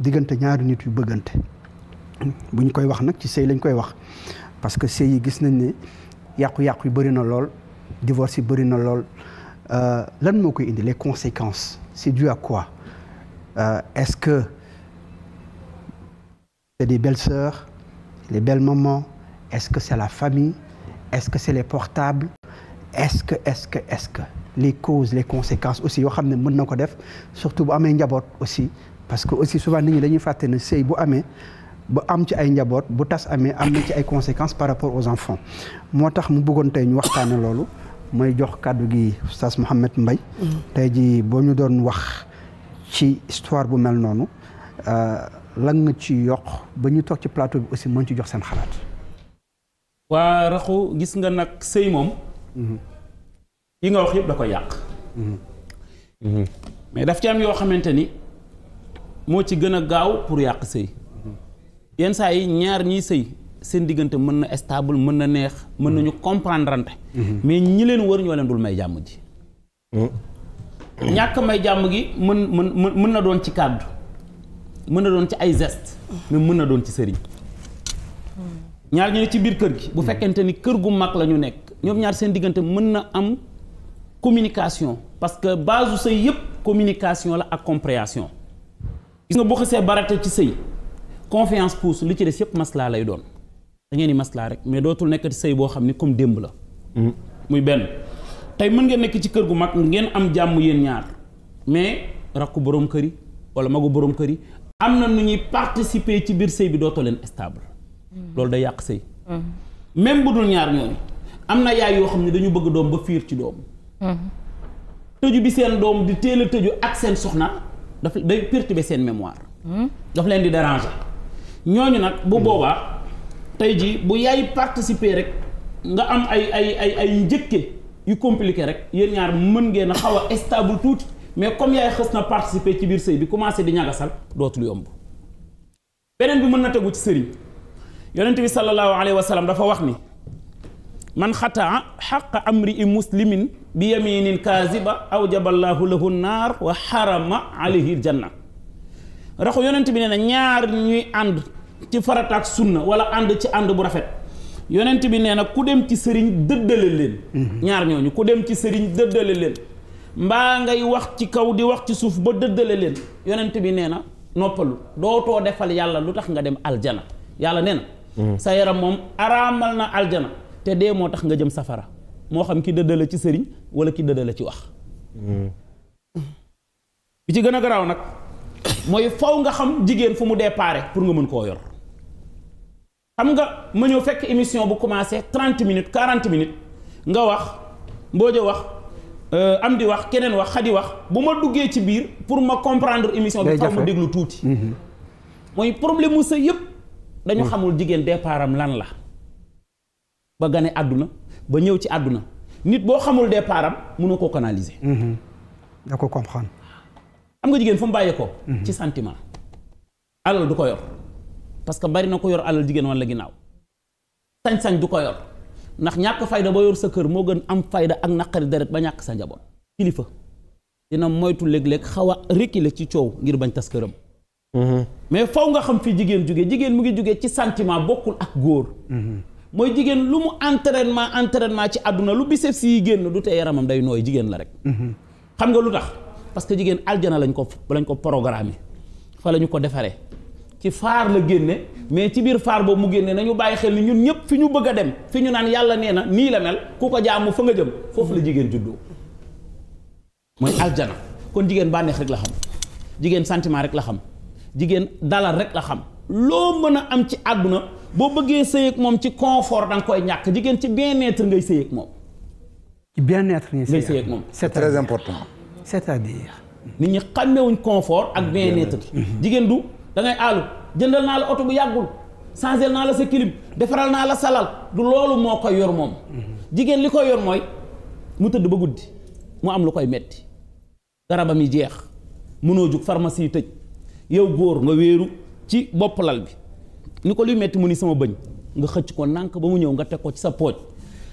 diggante ñaari nit yu bëggante bu ñu koy wax nag ci sëy lañ koy wax parce que sëy yi gis nañ ne yàqu-yàqu yi bëri na lool divorce yi bëri na lool euh, lan moo koy indi les conséquences c'est dû à quoi euh, est-ce que c'est des belles sœurs les belles mamans est-ce que c'est la famille est-ce que c'est les portables est-ce que est-ce que est-ce que les causes les conséquences aussi yoo xam ne mën na ko def surtout bu amee njaboot aussi parce que aussi souvent nit ñi dañuy fàtte ne sëy bu amee ba am ci ay njaboot bu tas amee am na ci ay conséquence par rapport aux enfants moo tax mu bëggoon tey ñu waxtaane loolu mooy jox kàddu gi Oustaz Mouhamed Mbaye mm. tey ji boo ñu doon wax ci histoire bu mel noonu euh, lan nga ci yokk ba ñu toog ci plateau bi aussi mën ci jox seen xalaat waa raxu gis nga nag sëy moom mm-hmm. yi nga wax yëpp da ko yàq mm-hmm. Mm-hmm. mais daf ci am yoo xamante ni moo ci gën a gaaw pour yàq sëy yenn saa yi ñaar ñi sëy seen diggante mën na stable mën na neex mën nañu comprendre mais ñi leen wër ñoo leen dul may jàmm ji ñàkk may jàmm gi mën mën mën na doon ci kàddu mën na doon ci ay gest mais mën na doon ci sëriñ ñaar ñu ne ci biir kër gi bu fekkente ni kër gu mag la ñu nekk ñoom ñaar seen diggante mën na am communication parce que base su sëy yëpp communication la ak compréhension gis nga boo xasee barate ci sëy confiance pousse li ci des yëpp maslaa lay doon da ngeen di maslaa rek mais dootul nekk ci sëy boo xam ni comme démb la. Hmm. muy benn tey mën ngeen nekk ci kër gu mag ngeen am jàmm yéen ñaar mais rakku borom kër yi wala magu borom kër yi am na nu ñuy participer ci biir sëy bi dootoo leen stable. Hmm. loolu day yàq sëy. Hmm. même bu dul ñaar ñooñu am na yaay yoo xam ne dañu bëgg doom ba fiir ci doom. tëju bi seen doom di teel a tëju ak seen soxna. daf day perturber seen mémoire. daf leen di déranger. ñooñu nag bu boobaa tey jii bu yaay participer rek nga am ay ay ay ay njëkke yu compliqué rek yéen ñaar mën ngeen a xaw a stable tuuti mais comme yaay xës na participer ci biir sëy bi commencé di ñagasal dootul yomb. beneen bi mën na tegu ci sëriñ yonent bi sallallahu alayhi wa dafa wax ni. man xataa xaq xaqa amri i muslimin bi yaminin kaziba awjaballaahu lahu naar wa xarama alayhi janna raxu yonent bi nee na ñaar ñuy ànd ci farataak sunna wala ànd ci ànd bu rafet yonent bi nee na ku dem ci sëriñ dëddale leen mhm. ñaar ñooñu ku dem ci sëriñ dëddale leen mbaa ngay wax ci kaw di wax ci suuf ba dëddale leen yonent bi nee na noppalu dootoo defal yàlla lu tax nga dem aljana yàlla nee mhm. sa yaram moom araamal na aljana te dee moo tax nga jëm safara moo xam ki dëdda la ci sëriñ wala ki dëdda la ci wax bi ci gën a garaaw nag mooy faw nga xam jigéen fu mu déparé pour nga mën koo yor xam nga ma ñëw fekk émission bu commencé 30 minute 40 minutes nga wax mbooja wax euh, am di wax keneen wax xadi wax bu ma duggee ci biir pour ma comprendre émission bi faw ma déglu tuuti mm-hmm. mooy problème mu sa yëpp dañu mm. xamul jigéen départam lan la ba gane àdduna ba ñëw ci àdduna nit boo xamul départ mun mënoo koo canaliser. da mm-hmm. ko comprendre. xam nga jigéen fu mu bàyyee ko mm-hmm. ci santiment alal du ko yor parce que bari na ko yor alal jigéen wala ginnaaw. sañ-sañ du ko yor ndax ñàkk fayda ba yor sa kër moo gën am fayda ak naqari deret ba ñàkk sa njaboot. kilifa dina moytu léeg-léeg xaw a reculer ci coow ngir bañ tas këram. Mm-hmm. mais faw nga xam fi jigéen jóge jigéen mu ngi jóge ci sentiment bokkul ak góor. mooy jigéen lu mu entraînement entraînement ci àdduna lu biceps yi génn du tee yaramam day nooy jigéen la rek. Mm-hmm. xam nga lu tax parce que jigéen aljana lañ ko lañ ko programmé fa la ñu ko defaree ci faar la génne mais ci biir faar boobu mu génne nañu bàyyi xel ni ñun ñëpp fi ñu bëgg a dem fi ñu naan yàlla nee na nii la mel ku ko jaamu fa nga jëm foofu la jigéen juddoo mooy aljana kon jigéen bànneex rek la xam jigéen sentiment rek la xam jigéen dalal rek la xam àdduna. boo bëggee sëy moom ci confort da nga koy ñàkk jigéen ci bien-être ngay sëy ak moom. ci bien-être ngay sëy ak moom. c'est très important. cest à nit ñi xàmmewuñ confort ak bien-être. Mhm. jigéen du da ngay àllu jëndal naa la oto bu yàggul changel naa la sa clim defaral naa la salal du loolu moo koy yor moom. Mhm. jigéen li koy yor mooy mu tëdd ba guddi mu am lu koy metti garabam yi jeex mënoo jug pharmacie yi tëj yow góor nga wéeru ci bopp lal bi. ni ko luy metti mu ni sama bëñ nga xëcc ko nànk ba mu ñëw nga teg ko ci sa pooj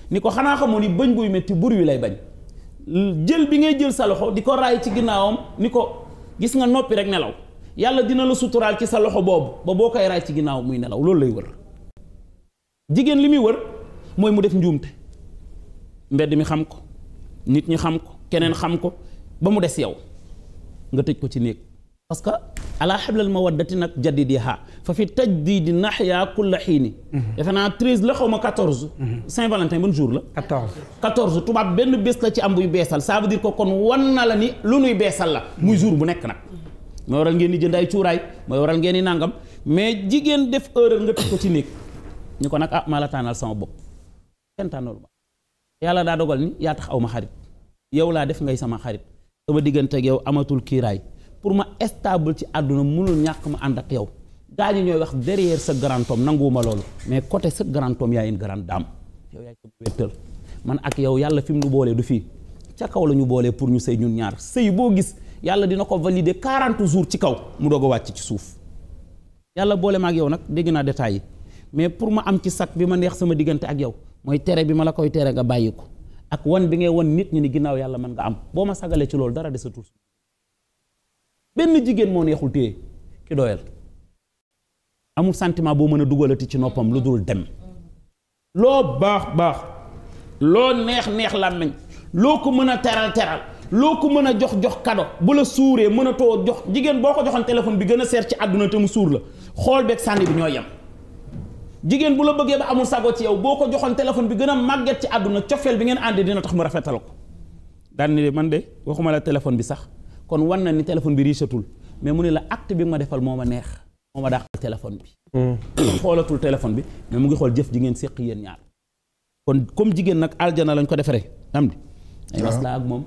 ni ko xanaa xamoo ni bëñ buy metti bur wi lay bañ jël bi ngay jël sa loxo di ko raay ci ginnaawam ni ko gis nga noppi rek nelaw yàlla dina la suturaal ci sa loxo boobu ba boo koy raay ci ginnaaw muy nelaw loolu lay wër jigéen li muy wër mooy mu def njuumte mbedd mi xam ko nit ñi xam ko keneen xam ko ba mu des yow nga tëj ko ci néeg ala xablal mawaddati nag jaddidiha fa fi tajdidi naxya la xiini mhm. defe naa treize la xaw ma quatorze mhm. saint valentin ban jour la quatorze quatorze tubaab benn bés la ci am buy beesal ça veut dire que kon wan na la ni lu nuy beesal la mhm. muy jour bu nekk nag mooy waral ngeen di jënd ay cuuraay mooy waral ngeen di nàngam mais jigéen def erreur nga teg ko ci néeg ñu ko nag ah maa la tànnal sama bopp kenn yàlla daa dogal ni yaa tax aw ma xarit yow laa def ngay sama xarit sama diggante yow amatul kiiraay pour ma stable ci àdduna mënul ñàkk ma ànd ak yow gaa ñi ñooy wax derrière sa grand homme nanguwuma loolu mais côté sa grand homme yaay une grande dame yow yaay sama wéttal man ak yow yàlla fi mu nu boolee du fii ca kaw la ñu boolee pour ñu sëy ñun ñaar sëy boo gis yàlla dina ko valider 40 jours ci kaw mu doo ko wàcc ci suuf yàlla boole ak yow nag dégg naa détails yi mais pour ma am ci sac bi ma neex sama diggante ak yow mooy tere bi ma la koy tere nga bàyyi ko ak wan bi ngay wan nit ñi ni ginnaaw yàlla am boo ma sagalee ci loolu dara desatul benn jigéen moo neexul téye ki amul sentiment boo mën a dugalati ci noppam lu dul dem loo baax baax loo neex neex làmmiñ loo ko mën a teral teral loo ko mën a jox jox kado bu la suuree mën a too jox jigéen boo ko joxoon téléphone bi gën a seer ci àdduna te mu suur la xool beeg sànni bi ñoo yem jigéen bu la bëggee ba amul sago ci yow boo ko joxoon téléphone bi gën a màgget ci àdduna cofeel bi ngeen àndee dina tax mu rafetal ko daan ni man de waxuma la téléphone bi sax kon wan na ni téléphone bi riisatul mais mu ne la acte bi ma defal moo ma neex moo ma dàqal téléphone bi. Hmm. xoolatul téléphone bi mais mu ngi xool jëf ji ngeen séq yéen ñaar kon comme jigéen nag aljana lañ ko defaree am di maslaa ak moom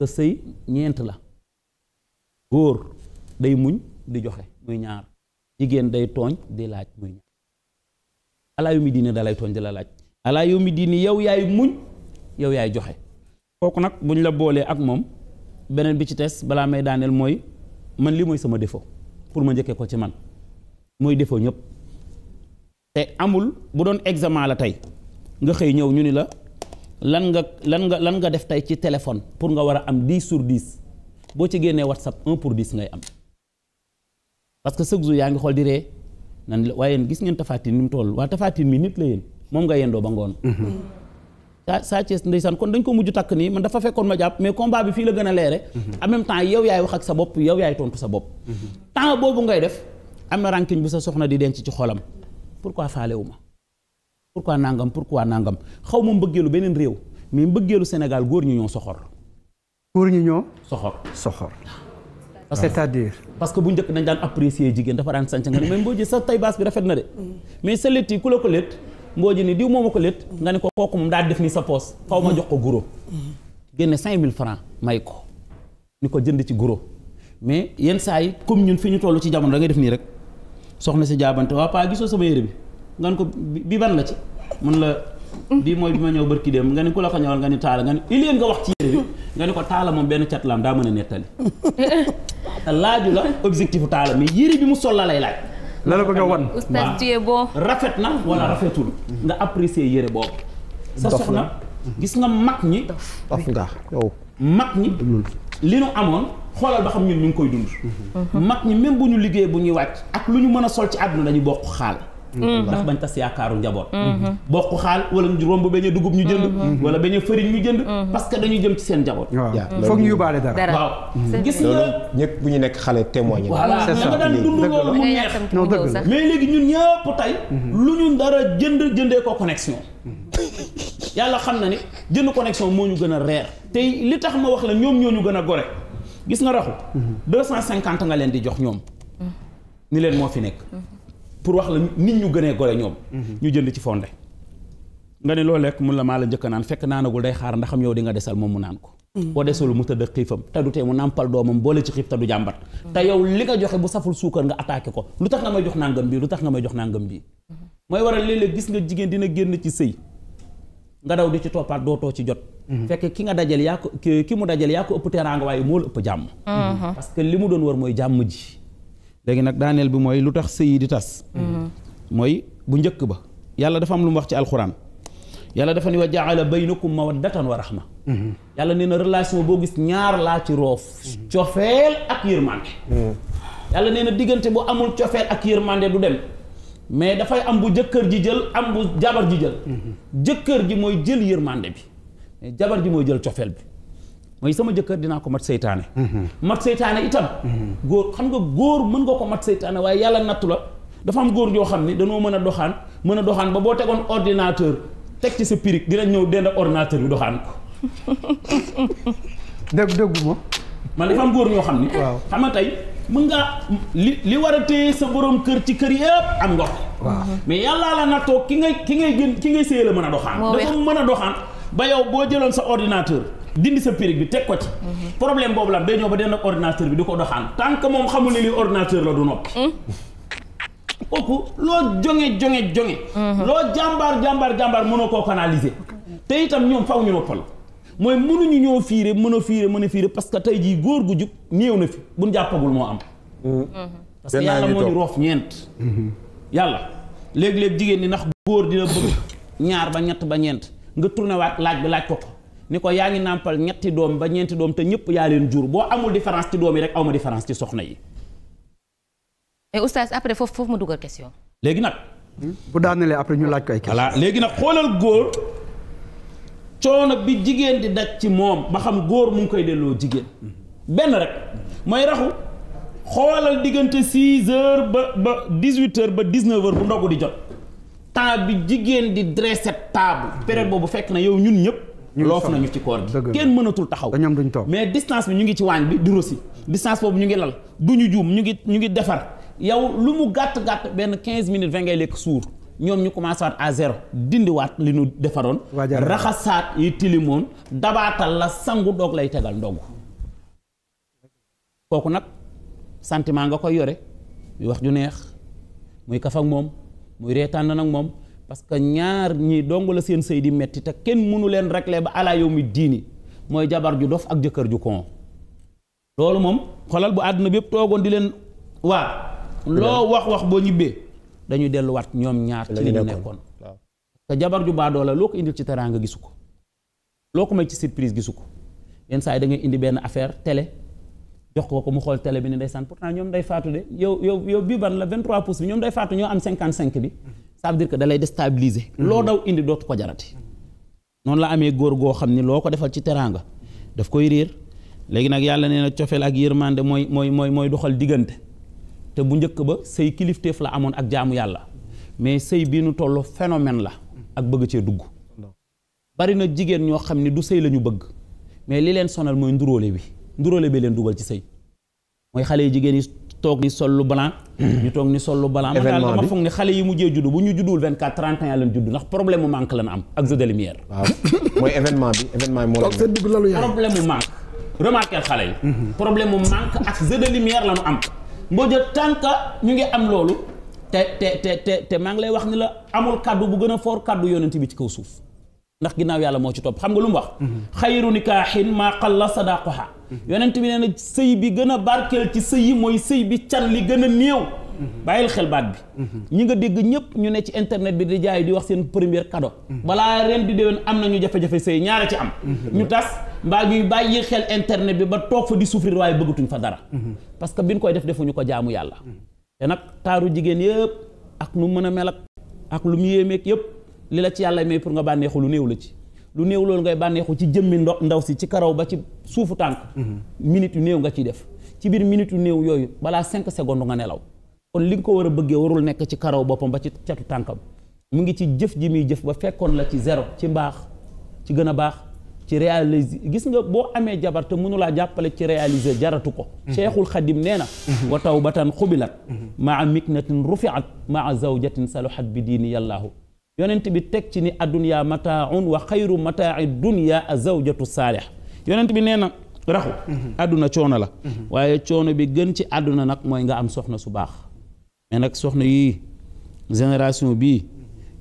sa sëy ñeent la góor day muñ di joxe muy ñaar jigéen day tooñ di laaj muy ñaar alaa yu mi diini dalay tooñ di la laaj alaa yu mi diini yow yaay muñ yow yaay joxe kooku nag buñ la boolee ak moom beneen bi ci tes balaa may daaneel mooy man li mooy sama defoo pour ma njëkkee ko ci man mooy defoo ñëpp te amul bu doon examen la tey nga xëy ñëw ñu ni la lan nga lan nga lan nga def tey ci téléphone pour nga war a am 10 sur 10 boo ci génnee WhatsApp 1 pour 10 ngay am parce que chaque jour yaa ngi xool di ree nan la waaye gis ngeen Tapha Tine ni mu toll waa Tapha Tine mi nit la yéen moom nga yendoo ba ngoon mm-hmm. sa Sa Thiès ndeysaan kon dañ ko mujj takk nii man dafa fekkoon ma jàpp mais combat bi fii la gën a leere mhm. en même temps yow yaay wax ak sa bopp yow yaay tontu sa bopp mhm. temps boobu ngay def am na ranking bu sa soxna di denc ci xolam pourquoi faalewu ma pourquoi nangam pour quoi nangam xaw ma mbëggeelu beneen réew mais mbëggeelu Sénégal góor ñu ñoo soxor góor ñu ñoo soxor soxor c'est-à-dire parce que bu njëkk dañ daan apprécier jigéen dafa daan sànc nga ne mais mboo sa tay bi rafet na de mm. mais sa létt mbooji ni diw moom a ko létt nga ne ko kooku moom daal def ni sa poos xaw ma jox ko guro génne cinq mille francs may ko ni ko jënd ci guro mais yenn saa yi comme ñun fi ñu toll ci jamono da ngay def nii rek soxna si jaabante waa paa gisoo sama yére bi nga ne ko bi ban la ci mun la bii mooy bi ma ñëw bërki dem nga ni ku la ko ñëwal nga ni taala nga ni ileen nga wax ci yére bi nga ni ko taala moom benn catlaam daa mën a nettali te laaju la objectifu taala mais yére bi mu sol lay laaj la la bëgg a wan. oustaz Dieng boo rafet na wala hmm. rafetul. nga apprécier yére boobu. sa soxna gis nga mag ñi. dof nga yow. mag ñi li nu amoon xoolal ba xam ñun ñu ngi koy dund. Hmm. Hmm. mag ñi même bu ñu liggéey bu ñuy wàcc. ak lu ñu mën a sol ci àdduna dañu bokk xaal. Mm-hmm. ndax mm-hmm. bañ tas yaakaaru njaboot mm-hmm. bokk xaal wala ñu romb bañ a dugub ñu jënd wala bañ a fëriñ ñu jënd parce que dañu jëm ci seen njaboot foog ñu yóbbaale dara waaw gis nga ñëpp bu ñu nekk xale témoigné voilà danga daan dund loolu mu neex mais léegi ñun ñëpp tey lu ñu ko connexion yàlla xam na ne jënd connexion moo ñu gën a reer tey li tax ma wax la ñoom ñoo ñu gën a gore gis nga raxu deux cent cinquante nga leen di jox ñoom ni leen moo fi nekk pour wax la nit ñu gënee gore ñoom. Mhm. ñu jënd ci fonde nga ne loo lekk mun la maa la njëkk naan fekk naanagul day xaar ndaxam yow di nga desal moom mu naan ko. Mhm. boo desul mu tëdd xiifam te du tee mu nàmpal doomam boole ci xiif te du jàmbat. Mhm. te yow li nga joxe bu saful suukar nga attaqué ko lu tax nga may jox nangam bii lu tax nga may jox nangam bii. mooy waral léeg-léeg gis nga jigéen dina génn ci sëy nga daw di ci toppaat dootoo ci jot. fekk ki nga dajale yaa ko ki mu dajale yaa ko ëpp teraanga waaye moo la ëpp jàmm. parce li mu doon war mooy jàmm ji. léegi nag daaneel bi mooy lu tax sëy di tas mm-hmm. mooy bu njëkk ba yàlla dafa am lu mu wax ci alxuraan yàlla dafa ni wa jaala baynakum mawaddatan wa rahma mm-hmm. yàlla nee na relation boo gis ñaar laa ci roof mm-hmm. cofeel ak yërmande yàlla nee na diggante bu amul cofeel ak yërmande du dem mais dafay am bu jëkkër ji jël am bu jabar ji jël jëkkër ji mooy jël yërmande bi mais jabar ji mooy jël cofeel bi mooy sama jëkkër dinaa ko mat seytaane mhm. mat seytaane itam mhm. góor xam nga góor mën nga ko mat seytaane waaye yàlla nattu la dafa am góor joo xam ne danoo mën a doxaan mën a doxaan ba boo tegoon ordinateur teg ci sa pirig dina ñëw dend ordinateur bi doxaan ko dégg ma man dafa am góor ñoo xam ni xam nga tey mën nga li li war a téye sa borom kër ci kër yëpp am nga ko mhm. mais yàllaa la nattoo ki nga ki ngay gën ki ngay séy mën a doxaan dafa mën a doxaan ba yow boo jëloon sa ordinateur dindi sa périg bi teg ko ci. Mhm. problème boobu la day ñoo ba den ak ordinateur bi di ko doxaan tant que moom xamul ne lii ordinateur la du noppi. Mhm. kooku loo jonge jonge jonge. Mhm. loo jàmbaar jàmbaar jàmbaar a koo canaliser. te itam ñoom faw ñu noppal mooy mënuñu ñoo fiire mën a fiire mën a fiire parce que tey jii góor gu jub néew na fi buñ jàppagul moo am. Mm. parce que yàlla moo ñu roof ñeent. yàlla léeg-léeg jigéen ñi ndax góor dina bëgg ñaar ba ñett ba ñeent nga tourné waat laaj bi laaj ni ko yaa ngi nàmpal ñetti doom ba ñeenti doom te ñëpp yaa leen jur boo amul différence ci doom yi rek awma différence ci soxna yi. et oustaz après foofu foofu ma dugal question. léegi nag. bu daanelee après ñu laaj ko ay question. léegi nag xoolal góor coono bi jigéen di daj ci moom ba xam góor mu ngi koy delloo jigéen benn rek may raxu xoolal diggante 6 heures ba ba 18 heures ba 19 heures bu ndogu di jot temps bi jigéen di dresser table période boobu fekk na yow ñun ñëpp. loof nañu ci koor gi kenn mënatul taxaw ñoom duñ toog mais distance bi ñu ngi ci waañ bi di rosi distance boobu ñu ngi lal du ñu juum ñu ngi ñu ngi defar yow lu mu gàtt-gàtt benn quinze minutes vingt ngay lekk suur ñoom ñu commencé waat à zéro dindiwaat li ñu defaroon raxasaat yi tilimoon dabaatal la sangu doog lay tegal ndogg kooku nag sentiment nga koy yore muy wax ju neex muy kaf ak moom muy reetaan na nag moom parce que ñaar ñi dong la seen sëy di metti te kenn mënu leen régler ba alaa yow mi diini mooy jabar ju dof ak jëkkër ju kon loolu moom xoolal bu àdduna bépp toogoon di leen waa loo wax wax boo ñibbee dañuy delluwaat ñoom ñaar ci li ñu nekkoon te jabar ju baadoo la loo ko indil ci nga gisu ko loo ko may ci surprise gisu ko yenn saa yi da ngay indi benn affaire tele jox ko ko mu xool tele bi ne ndeysaan pourtant ñoom day faatu de yow yow yow ban la 23 pouces bi ñoom day faatu ñoo am 55 bi ça veut dire que dalay des déstabiliser. loo daw indi dootu ko jarati. noonu la amee góor goo xam ni loo ko defal ci teraanga daf koy riir léegi nag yàlla nee na cofeel ak yërmande mooy mooy mooy mooy doxal diggante te bu njëkk ba sëy kilifteef la amoon ak jaamu yàlla mais sëy bii nu toll phénomène la ak bëgg cee dugg. bari na jigéen ñoo xam ni du sëy la ñu bëgg mais li leen sonal mooy nduróole bi nduróole bi leen dugal ci sëy mooy xale yi jigéen yi toog ni sol lu blanc ñu toog ni sol lu blanc man daal dama foog ni xale yi mujjee judd bu ñu juddul 24 31 lan judd ndax problème mu manque lan am ak jeu de lumière waaw bi événement bi moo seen digg lalu yaay problème mu manque remarqué xale yi problème mu manque ak jeu de lumière la ñu am Mbodja tant que ñu ngi am loolu te te te te te maa ngi lay wax ni la amul kaddu bu gën a foor kaddu yonent bi ci kaw suuf ndax ginnaaw yàlla moo ci topp xam nga lu mu wax mhm. xayru nikaaxin maa qalla sadaqaha mhm. yonent bi nee na sëy bi gën a barkeel ci sëy yi mooy sëy bi can li gën a néew mhm. bàyyil xel baat bi ñi nga dégg ñëpp ñu ne ci internet bi di jaay di wax seen premier cadeau balaa ren di déwén am na ñu jafe-jafe sëy ñaara ci am ñu tas mbaa ñuy bàyyi xel internet bi ba toog fa di souffrir waaye bëggatuñ fa dara parce que biñ koy def defuñu ko jaamu yàlla te nag taaru jigéen yëpp ak nu mën a mel ak lu mu yéemeeg yëpp li la ci yàlla may pour nga bànneexu lu néew la ci lu néew loolu ngay bànneexu ci jëmmi ndo ndaw si ci karaw ba ci suufu tànk mm-hmm. minute yu néew nga ciy def ci biir minute yu néew yooyu balaa cinq secondes nga nelaw kon li nga ko war a bëggee warul nekk ci karaw boppam ba ci catu tànkam mu ngi ci jëf ji muy jëf ba fekkoon la ci zéro ci mbaax ci gën a baax ci réaliser gis nga boo amee jabar te mënulaa jàppale ci réaliser jaratu ko mm-hmm. cheikhul xadim nee na mm-hmm. wa tawbatan xubilat maa miknatin rufiat maa zawjatin saluhat bi diini yàllaahu yonent bi teg ci ni adduniyaa mataaun wa xayru mataa'i dunya a zawjatu saalih yonent bi nee na raxu àdduna mhm. coono la mhm. waaye coono bi gën ci àdduna nag mooy nga am soxna su baax mais nag soxna yii génération bii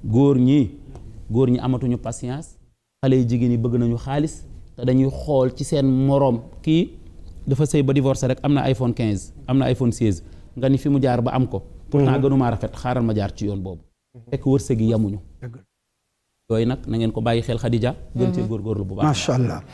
góor ñi góor ñi amatuñu patience xale yi jigéen yi bëgg nañu xaalis te dañuy xool ci seen moroom kii dafa sëy ba divorcé rek am na iPhone 15 am na iPhone 16 nga ni fi mu jaar ba am ko pour pourtant mhm. gënumaa rafet xaaral ma jaar ci yoon boobu fekk wërsëg yi yamuñu yooyu nag na ngeen ko bàyyi xel Xadija gën cee mm-hmm. góorgóorlu bu baax macha allah